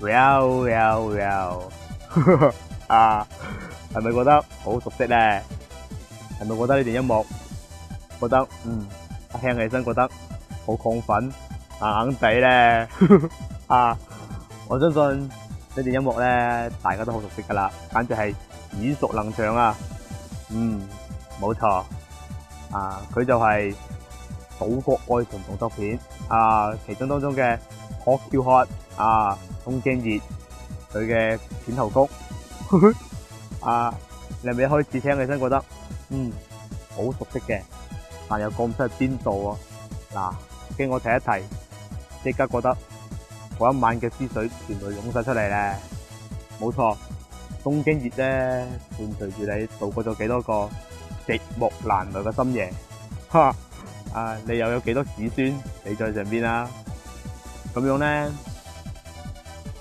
Well well well 啊！係咪覺得好熟悉咧？係咪覺得呢段音樂覺得嗯聽起身覺得好亢奮硬硬地咧啊！我相信呢段音樂咧，大家都好熟悉噶啦，簡直係耳熟能詳啊！嗯，冇錯啊！佢就係島國愛情動作片啊，其中當中嘅《學叫學》啊。東京熱，佢嘅片頭曲。阿、 啊，你係咪開始聽起身覺得，嗯，好熟悉嘅，但又講唔出係邊度啊？嗱，經我提一提，即刻覺得嗰一晚嘅思緒全部湧晒出嚟咧。冇錯，東京熱咧，伴隨住你度過咗幾多個寂寞難耐嘅深夜。哈，阿、啊，你又有幾多子孫？你在上邊啦、啊？咁樣咧。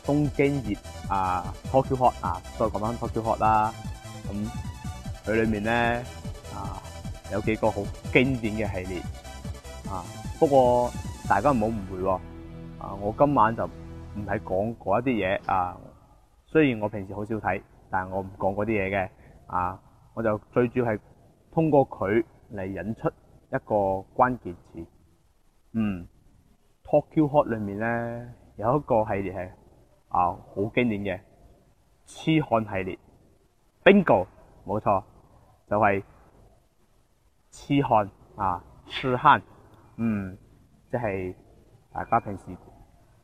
東京熱啊，Tokyo Hot 啊，再講翻 Tokyo Hot 啦。咁佢裏面咧啊，有幾個好經典嘅系列啊。不過大家唔好誤會喎，啊，我今晚就唔係講嗰一啲嘢啊。雖然我平時好少睇，但係我唔講嗰啲嘢嘅啊。我就最主要係通過佢嚟引出一個關鍵詞。嗯，Tokyo Hot 裏面咧有一個系列係，啊，好經典嘅痴漢系列，bingo 冇錯，就係痴漢啊，痴漢，嗯，即係大家平時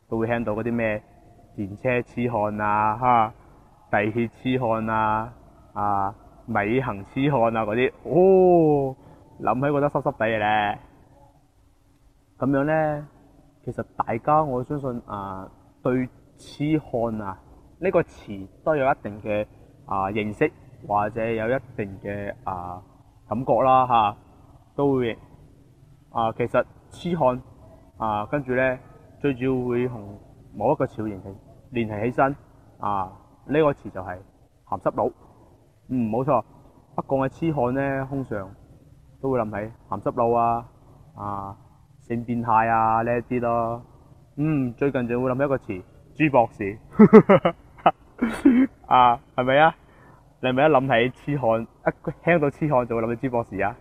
都會聽到嗰啲咩電車痴漢啊，哈地鐵痴漢啊，啊米、啊啊、行痴漢啊嗰啲，哦，諗起覺得濕濕地咧，咁樣咧，其實大家我相信啊，對。痴漢啊！呢、這個詞都有一定嘅啊認識，或者有一定嘅啊、呃、感覺啦，嚇、啊、都會啊。其實痴漢啊，跟住咧，最主要會同某一個詞聯繫聯繫起身啊。呢、這個詞就係鹹濕佬，嗯，冇錯。不過嘅痴漢咧，通常都會諗起鹹濕佬啊，啊性變態啊呢一啲咯。嗯，最近就會諗起一個詞。朱博士啊，係咪啊？你係咪一諗起痴漢一聽到痴漢就會諗起朱博士啊？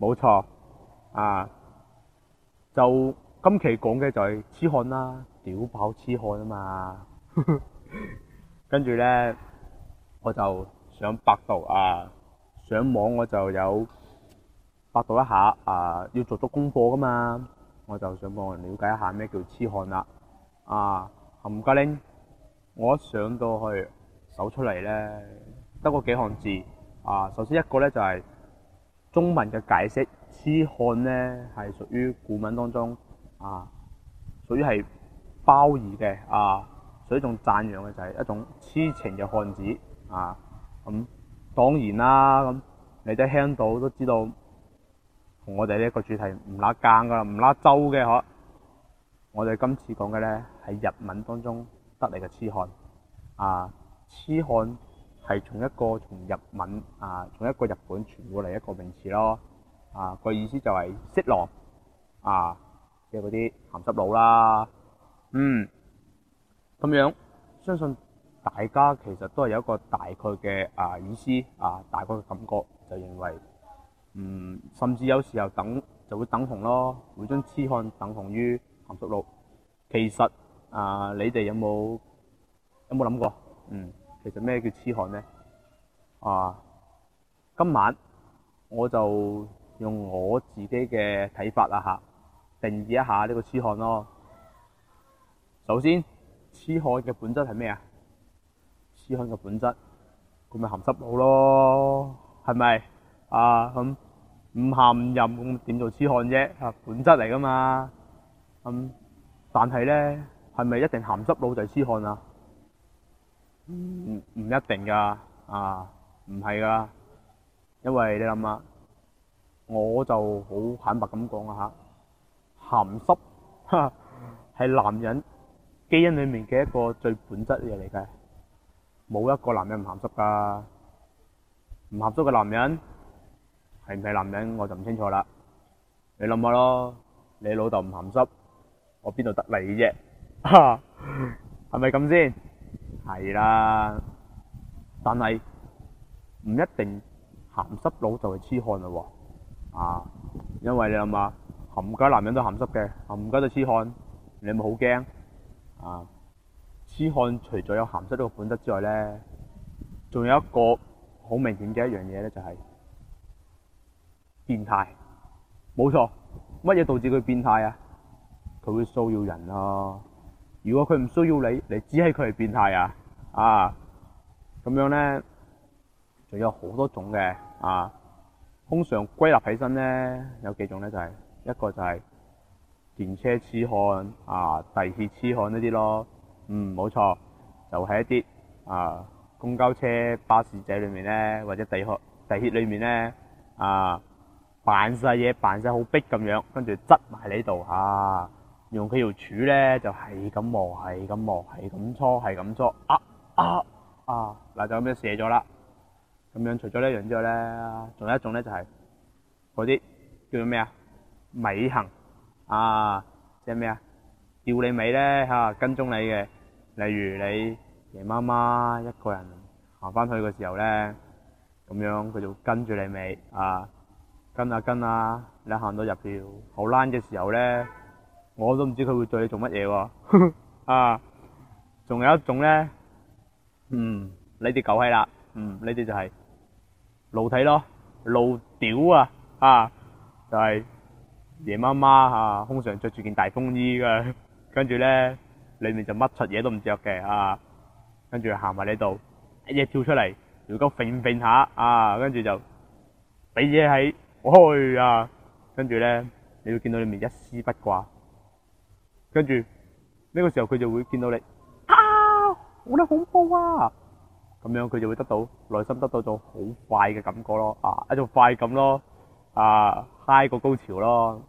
冇錯啊！就今期講嘅就係痴漢啦，屌爆痴漢啊嘛。跟住咧，我就上百度啊，上網我就有百度一下啊，要做足功課噶嘛，我就想幫人了解一下咩叫痴漢啦啊！吳家我一上到去搜出嚟呢，得嗰幾行字啊。首先一個呢，就係中文嘅解釋，痴漢呢，係屬於古文當中啊，屬於係褒義嘅啊，屬於一種讚揚嘅就係一種痴情嘅漢子啊。咁、啊、當然啦，咁你都聽到都知道，同我哋呢一個主題唔拉更噶啦，唔拉周嘅可，我哋今次講嘅呢。係日文當中得嚟嘅痴漢。啊，痴漢係從一個從日文啊，從一個日本傳過嚟一個名詞咯，啊個意思就係色狼，啊即係嗰啲鹹濕佬啦，嗯咁樣，相信大家其實都係有一個大概嘅啊意思啊大概嘅感覺，就認為嗯甚至有時候等就會等同咯，會將痴漢等同於鹹濕佬，其實。啊！Uh, 你哋有冇有冇諗過？嗯，其實咩叫痴漢咧？啊、uh,！今晚我就用我自己嘅睇法啦吓，定義一下呢個痴漢咯。首先，痴漢嘅本質係咩啊？痴漢嘅本質，佢咪鹹濕佬咯，係咪、uh, 嗯？啊咁唔鹹唔淫，咁點做痴漢啫？吓，本質嚟噶嘛。咁、嗯、但係咧。係咪一定鹹濕老仔痴漢啊？唔唔一定噶啊，唔係噶，因為你諗下，我就好坦白咁講啊嚇，鹹濕係男人基因裏面嘅一個最本質嘅嘢嚟嘅，冇一個男人唔鹹濕噶，唔鹹濕嘅男人係唔係男人我就唔清楚啦。你諗下咯，你老豆唔鹹濕，我邊度得你啫？哈，係咪咁先？係啦，但係唔一定鹹濕佬就係痴漢咯。啊，因為你諗下，冚家男人都鹹濕嘅，冚家都痴漢，你係咪好驚啊？痴漢除咗有鹹濕呢個本質之外咧，仲有一個好明顯嘅一樣嘢咧，就係變態。冇錯，乜嘢導致佢變態啊？佢會騷擾人啊！如果佢唔需要你，你只係佢係變態啊！啊，咁樣咧，仲有好多種嘅啊。通常歸納起身咧，有幾種咧，就係一個就係電車痴漢啊、地鐵痴漢呢啲咯。嗯，冇錯，就係一啲啊，公交車、巴士仔裏面咧，或者地殼、地鐵裏面咧啊，扮晒嘢，扮晒好逼咁樣，跟住執埋你度啊！用佢條柱咧，就係咁磨，係咁磨，係咁搓，係咁搓，啊啊啊！嗱，就咁樣射咗啦。咁樣除咗呢樣之外咧，仲有一種咧，就係嗰啲叫做咩啊尾行啊，即係咩啊，吊你尾咧吓，跟蹤你嘅。例如你夜媽媽一個人行翻去嘅時候咧，咁樣佢就跟住你尾啊，跟啊跟啊，你行到入到後欄嘅時候咧。我都唔知佢會對你做乜嘢喎，啊！仲有一種咧，嗯，呢啲狗閪啦，嗯，呢啲就係露體咯，露屌啊，啊，就係夜媽媽啊，通常着住件大風衣嘅，跟住咧裏面就乜柒嘢都唔着嘅啊，跟住行埋呢度一嘢跳出嚟，條狗揈揈下啊，跟住就俾嘢喺，我去啊，跟住咧你會見到裏面一絲不掛。跟住呢個時候佢就會見到你，啊，好鬼恐怖啊！咁樣佢就會得到內心得到咗好快嘅感覺咯，啊，一種快感咯，啊，嗨個高潮咯。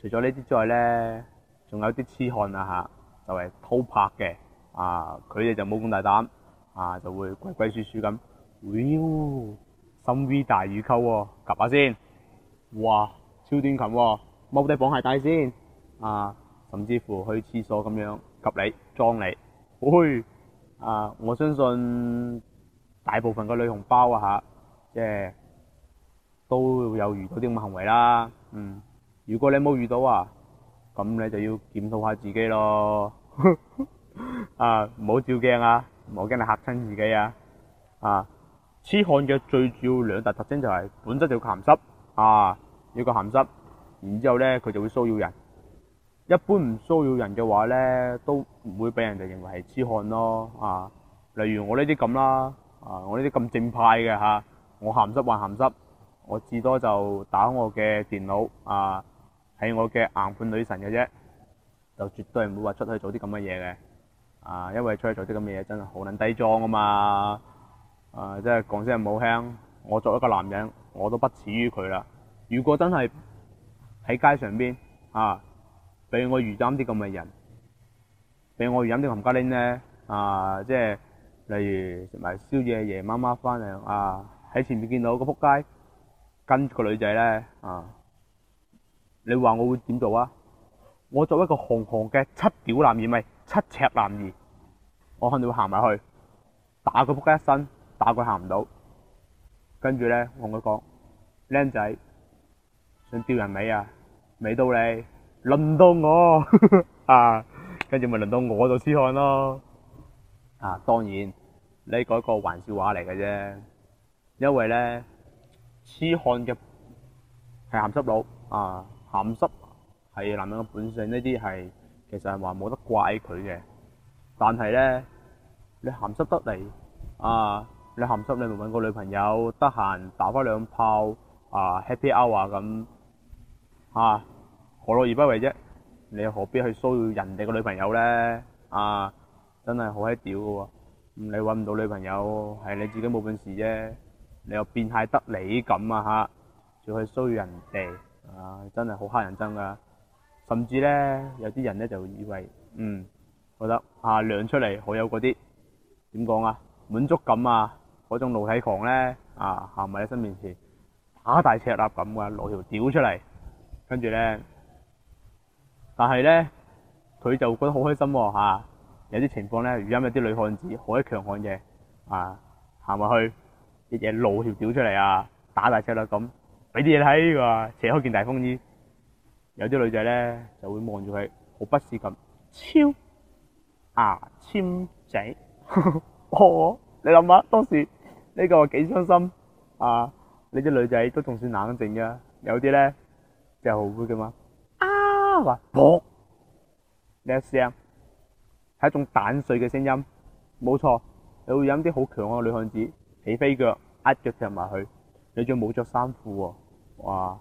除咗呢啲之外咧，仲有啲痴漢啊吓，就係偷拍嘅，啊，佢哋就冇咁大膽，啊，就會鬼鬼祟祟咁，哇，深 V 大乳溝，夾下先，哇，超短裙，踎低綁鞋帶先，啊。甚至乎去廁所咁樣及你撞你，唉、哎、啊！我相信大部分嘅女同胞啊吓，即、啊、係都有遇到啲咁嘅行為啦。嗯，如果你冇遇到啊，咁你就要檢討下自己咯。 啊，唔好照鏡啊，唔好驚你吓親自己啊！啊，痴漢嘅最主要兩大特徵就係本質就咸濕啊，要個咸濕，然之後咧佢就會騷擾人。一般唔騷擾人嘅話咧，都唔會俾人哋認為係痴漢咯。啊，例如我呢啲咁啦，啊，我呢啲咁正派嘅嚇、啊，我鹹濕還鹹濕，我至多就打我嘅電腦啊，睇我嘅硬盤女神嘅啫，就絕對唔會話出去做啲咁嘅嘢嘅。啊，因為出去做啲咁嘅嘢真係好撚低裝啊嘛。誒、啊，即係講聲唔好聽，我作為一個男人，我都不恥於佢啦。如果真係喺街上邊啊～俾我預諗啲咁嘅人，俾我如飲啲冚家拎咧啊！即係例如食埋宵夜，夜媽媽翻嚟啊，喺前面見到個撲街跟個女仔咧啊！你話我會點做啊？我作為一個行行嘅七屌男兒咪七尺男兒，我肯定會行埋去打佢撲街一身，打佢行唔到。跟住咧，我同佢講：僆仔想吊人尾啊，尾到你！輪到我啊，跟住咪輪到我就痴漢咯啊！當然你改個玩笑話嚟嘅啫，因為咧痴漢嘅係咸濕佬啊，咸濕係男人嘅本性呢啲係，其實係話冇得怪佢嘅。但係咧，你咸濕得嚟啊，你咸濕你咪搵個女朋友，得閒打翻兩炮啊，happy hour 啊咁啊。何樂而不為啫？你又何必去騷擾人哋個女朋友咧？啊，真係好閪屌嘅喎！你揾唔到女朋友係你自己冇本事啫。你又變態得你咁啊吓，仲去騷擾人哋啊！真係好黑人憎㗎。甚至咧，有啲人咧就會以為嗯覺得啊，晾出嚟好有嗰啲點講啊滿足感啊嗰種露體狂咧啊行埋喺身面前，打大赤肋咁啊，攞條屌出嚟，跟住咧。但係咧，佢就覺得好開心喎、啊啊、有啲情況咧，如今有啲女漢子好強悍嘅啊，行埋去啲嘢，露條屌出嚟啊，打大赤佬咁，俾啲嘢睇啩，扯開件大風衣。有啲女仔咧就會望住佢，好不屑咁超牙籤、啊、仔，我、 哦、你諗下，當時呢個幾傷心啊！呢、那、啲、個、女仔都仲算冷靜嘅，有啲咧就後悔嘅嘛。啊！話卜呢一聲，係一種蛋碎嘅聲音，冇錯。你會飲啲好強嘅女漢子起飛腳，一腳踢埋佢。你仲冇着衫褲喎，哇！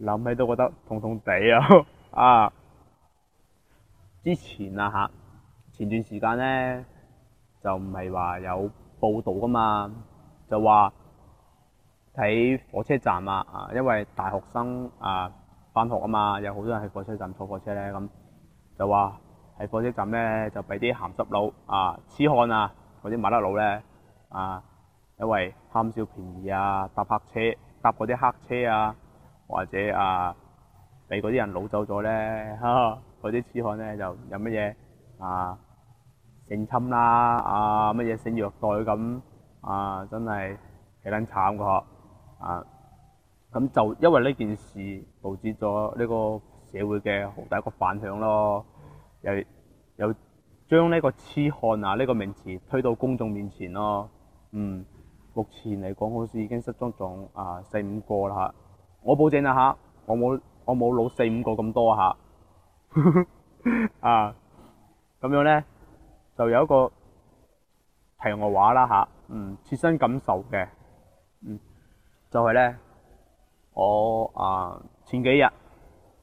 諗起都覺得痛痛地啊！ 啊！之前啊吓，前段時間咧就唔係話有報道噶嘛，就話喺火車站啊,啊，因為大學生啊。返學啊嘛，有好多人喺火車站坐火車咧，咁就話喺火車站咧就俾啲鹹濕佬啊、黐漢啊嗰啲馬拉佬咧啊，因為貪小便宜啊搭黑車，搭嗰啲黑車啊，或者啊俾嗰啲人擄走咗咧，嗰啲黐漢咧就有乜嘢啊，性侵啦啊，乜嘢、啊、性虐待咁啊真係幾撚慘嘅啊！啊咁就因為呢件事導致咗呢個社會嘅好大一個反響咯，又，又又將呢個痴漢啊呢、呢個名詞推到公眾面前咯。嗯，目前嚟講好似已經失蹤咗啊四五個啦。我保證下，我冇我冇老四五個咁多嚇。 啊，咁樣咧就有一個題外話啦嚇，嗯，切身感受嘅，嗯，就係、係、咧。我啊前幾日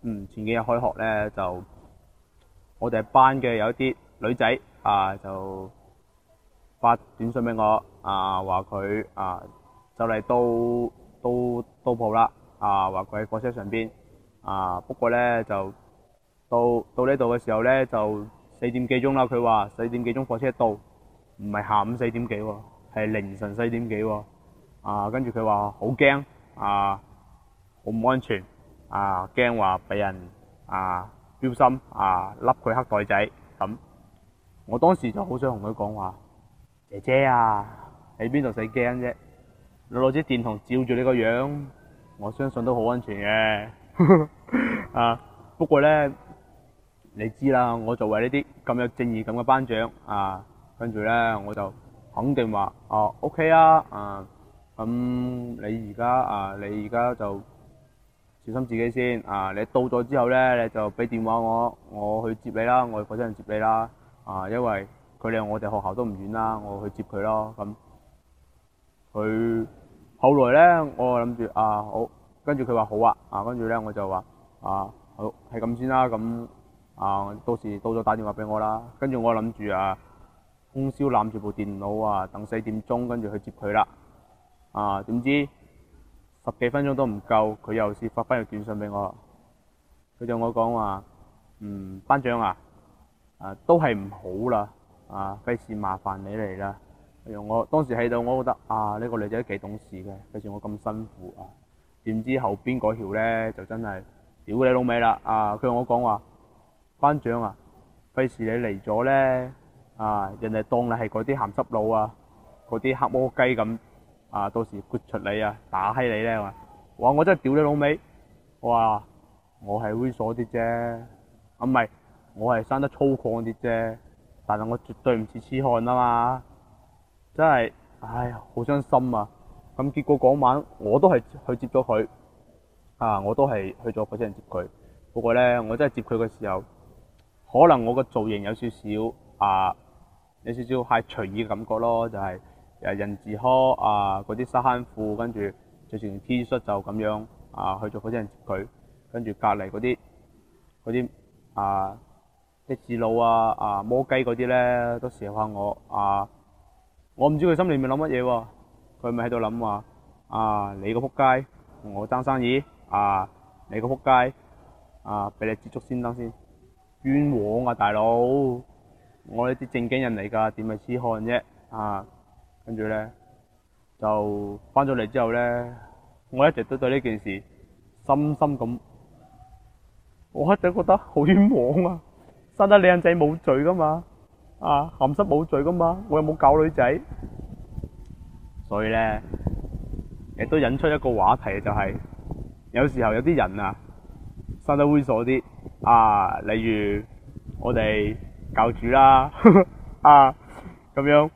嗯，前幾日開學咧，就我哋班嘅，有一啲女仔啊就發短信俾我啊，話佢啊就嚟到到到埗啦，啊話佢喺火車上邊啊不過咧就到到呢度嘅時候咧就四點幾鐘啦，佢話四點幾鐘火車到唔係下午四點幾，係凌晨四點幾啊，跟住佢話好驚啊！好唔安全啊！驚話俾人啊標心啊，笠佢黑袋仔咁。我當時就好想同佢講話，姐姐啊，喺邊度使驚啫？你攞支電筒照住你個樣，我相信都好安全嘅。啊，不過咧，你知啦，我作為呢啲咁有正義感嘅班長啊，跟住咧我就肯定話哦，OK 啊，啊咁你而家啊，你而家就。小心自己先啊！你到咗之後咧，你就俾電話我，我去接你啦，我嗰啲人接你啦。啊，因為佢離我哋學校都唔遠啦，我去接佢咯。咁、啊、佢後來咧，我諗住啊好，跟住佢話好啊，啊跟住咧我就話啊好係咁先啦、啊。咁啊到時到咗打電話俾我啦。跟住我諗住啊，通宵攬住部電腦啊，等四點鐘跟住去接佢啦。啊，點知？十幾分鐘都唔夠，佢又是發翻個短信俾我，佢同我講話，嗯，班長啊，啊都係唔好啦，啊費事麻煩你嚟啦。我當時喺度，我覺得啊呢個女仔幾懂事嘅，費事我咁辛苦啊，點知後邊嗰條咧就真係，屌你老味啦啊！佢同我講話，班長啊，費事你嚟咗咧，啊人哋當你係嗰啲鹹濕佬啊，嗰啲黑魔雞咁。啊！到時豁出你啊，打閪你咧！我話，哇！我真係屌你老味，我話、啊，我係猥瑣啲啫，唔係我係生得粗獷啲啫。但係我絕對唔似痴漢啊嘛！真係，唉，好傷心啊！咁結果嗰晚我都係去接咗佢，啊，我都係去咗嗰啲人接佢。不過咧，我真係接佢嘅時候，可能我嘅造型有少少啊，有少少係隨意嘅感覺咯，就係、是。人字拖啊，嗰啲沙灘褲，跟住著成 T 恤就咁樣啊，去做火車人接佢。跟住隔離嗰啲嗰啲啊，的士佬啊啊，摩雞嗰啲咧，都射下我啊！我唔知佢心裏面諗乜嘢喎，佢咪喺度諗話啊，你個撲街，同我爭生意啊，你個撲街啊，俾你接觸先得先，冤枉啊大佬！我呢啲正經人嚟㗎，點係痴漢啫啊！啊跟住咧，就返咗嚟之後咧，我一直都對呢件事深深咁，我一直覺得好冤枉啊！生得靚仔冇罪噶嘛，啊，鹹濕冇罪噶嘛，我又冇搞女仔，所以咧亦都引出一個話題，就係，就係有時候有啲人啊生得猥瑣啲，啊，例如我哋教主啦， 啊咁樣。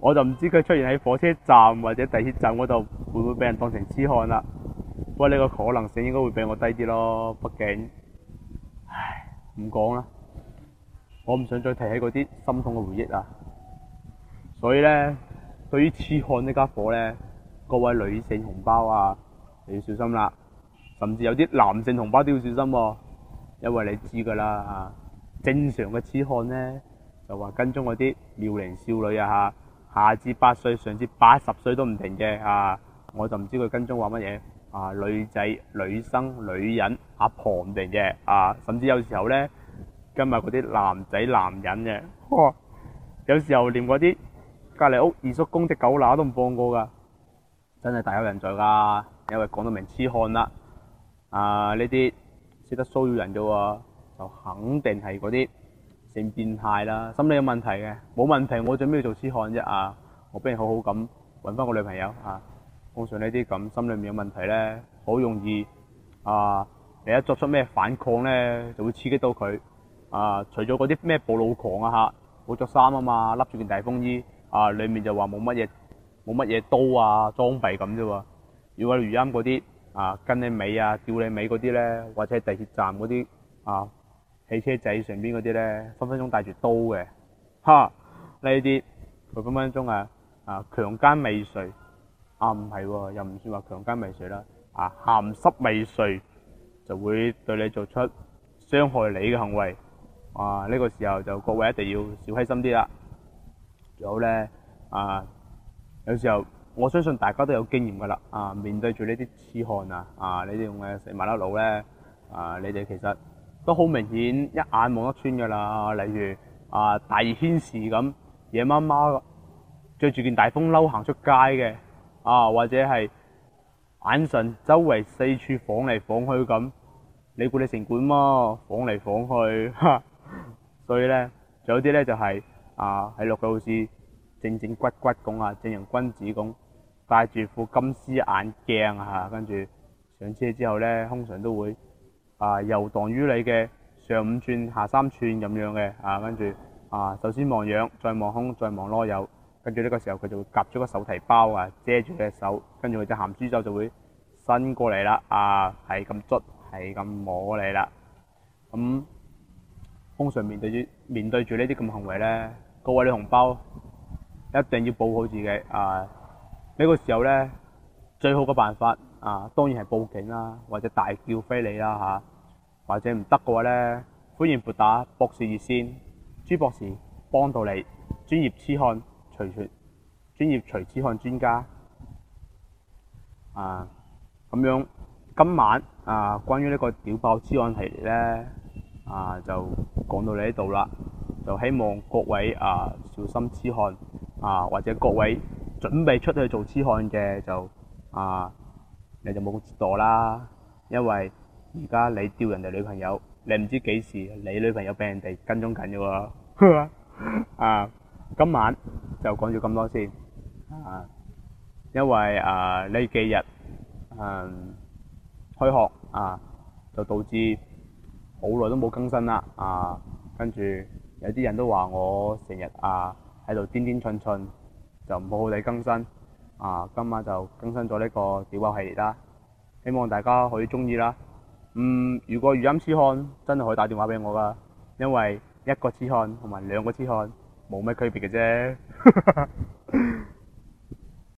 我就唔知佢出現喺火車站或者地鐵站，嗰度會唔會俾人當成痴漢啦？不過呢個可能性應該會比我低啲咯，畢竟，唉，唔講啦，我唔想再提起嗰啲心痛嘅回憶啦。所以咧，對於痴漢呢家伙咧，各位女性同胞啊，你要小心啦，甚至有啲男性同胞都要小心喎、哦，因為你知噶啦啊，正常嘅痴漢咧，就話跟蹤嗰啲妙齡少女啊吓。啊下至八歲，上至八十歲都唔停嘅吓，我就唔知佢跟蹤話乜嘢啊！女仔、女生、女人、阿婆唔定嘅啊，甚至有時候咧，今日嗰啲男仔、男人嘅，有時候連嗰啲隔籬屋二叔公隻狗乸都唔放過噶，真係大有人在噶，因為講到明痴漢啦，啊呢啲識得騷擾人嘅喎，就肯定係嗰啲。變變態啦，心理有問題嘅，冇問題，我做咩要做痴漢啫啊？我不如好好咁搵翻個女朋友啊！通常呢啲咁，心裏面有問題咧，好容易啊！你一作出咩反抗咧，就會刺激到佢啊！除咗嗰啲咩暴露狂啊吓，冇着衫啊嘛，笠住件大風衣啊，裏面就話冇乜嘢，冇乜嘢刀啊裝備咁啫喎。如果遇啱嗰啲啊，跟你尾啊，吊你尾嗰啲咧，或者係地鐵站嗰啲啊。汽車仔上邊嗰啲咧，分分鐘帶住刀嘅，吓呢啲佢分分鐘啊啊強奸未遂啊唔係喎，又唔算話強奸未遂啦，啊咸濕未遂就會對你做出傷害你嘅行為啊呢個時候就各位一定要小心啲啦，仲有咧啊有時候我相信大家都有經驗噶啦啊面對住呢啲痴漢啊啊呢啲咁嘅食麻甩佬咧啊你哋其實。都好明顯，一眼望得穿噶啦。例如啊，大熱天時咁，夜媽媽著住件大風褸行出街嘅啊，或者係眼神周圍四處晃嚟晃去咁，你估你城管麼？晃嚟晃去嚇。所以咧，仲有啲咧就係啊，係落個好似正正骨骨咁啊，正人君子咁，戴住副金絲眼鏡嚇，跟住上車之後咧，通常都會。啊，遊蕩於你嘅上五寸下三寸咁樣嘅，啊，跟住啊，首先望樣，再望胸，再望籮柚，跟住呢個時候佢就會夾咗個手提包啊，遮住隻手，跟住佢隻鹹豬手就會伸過嚟啦，啊，係、啊、咁捽，係咁摸你啦，咁通常面對住面對住呢啲咁行為咧，各位女同胞一定要保護自己啊！呢、這個時候咧，最好嘅辦法。啊，當然係報警啦，或者大叫非禮啦嚇、啊，或者唔得嘅話咧，歡迎撥打博士熱線，朱博士幫到你。專業痴漢，除除專業除痴漢專家啊，咁樣今晚啊，關於呢個屌爆痴漢系列咧啊，就講到你呢度啦，就希望各位啊小心痴漢啊，或者各位準備出去做痴漢嘅就啊～你就冇咁自大啦，因為而家你釣人哋女朋友，你唔知幾時你女朋友俾人哋跟蹤緊嘅喎。 啊，今晚就講咗咁多先，啊，因為啊呢幾日嗯開學啊就導致好耐都冇更新啦。啊，跟住有啲人都話我成日啊喺度癲癲竄竄，就唔好好地更新。啊，今晚就更新咗呢個屌包系列啦，希望大家可以中意啦。嗯，如果語音痴漢真係可以打電話俾我噶，因為一個痴漢同埋兩個痴漢冇咩區別嘅啫。